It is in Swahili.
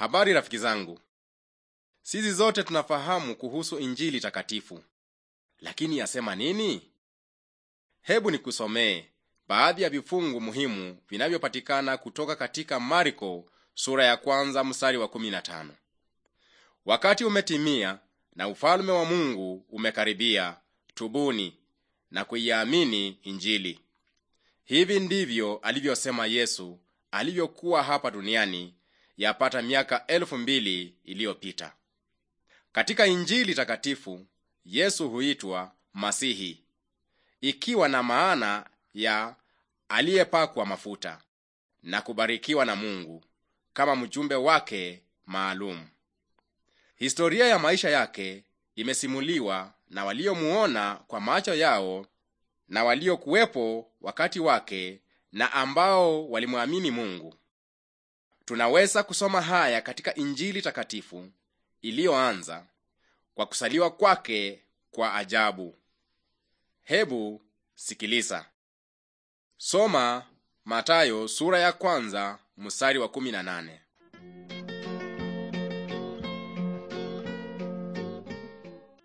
habari rafiki zangu sisi zote tunafahamu kuhusu injili takatifu lakini yasema nini hebu nikusomee baadhi ya vifungu muhimu vinavyopatikana kutoka katika marko sura ya kwanza mstari wa 15 wakati umetimia na ufalume wa mungu umekaribia tubuni na kuiamini injili hivi ndivyo alivyosema yesu alivyokuwa hapa duniani yapata miaka elfu mbili iliyopita. Katika Injili takatifu Yesu huitwa Masihi, ikiwa na maana ya aliyepakwa mafuta na kubarikiwa na Mungu kama mjumbe wake maalum. Historia ya maisha yake imesimuliwa na waliomuona kwa macho yao na waliokuwepo wakati wake na ambao walimwamini Mungu tunaweza kusoma haya katika injili takatifu iliyoanza kwa kusaliwa kwake kwa ajabu hebu sikiliza soma matayo sura ya kwanza mstari wa kumi na nane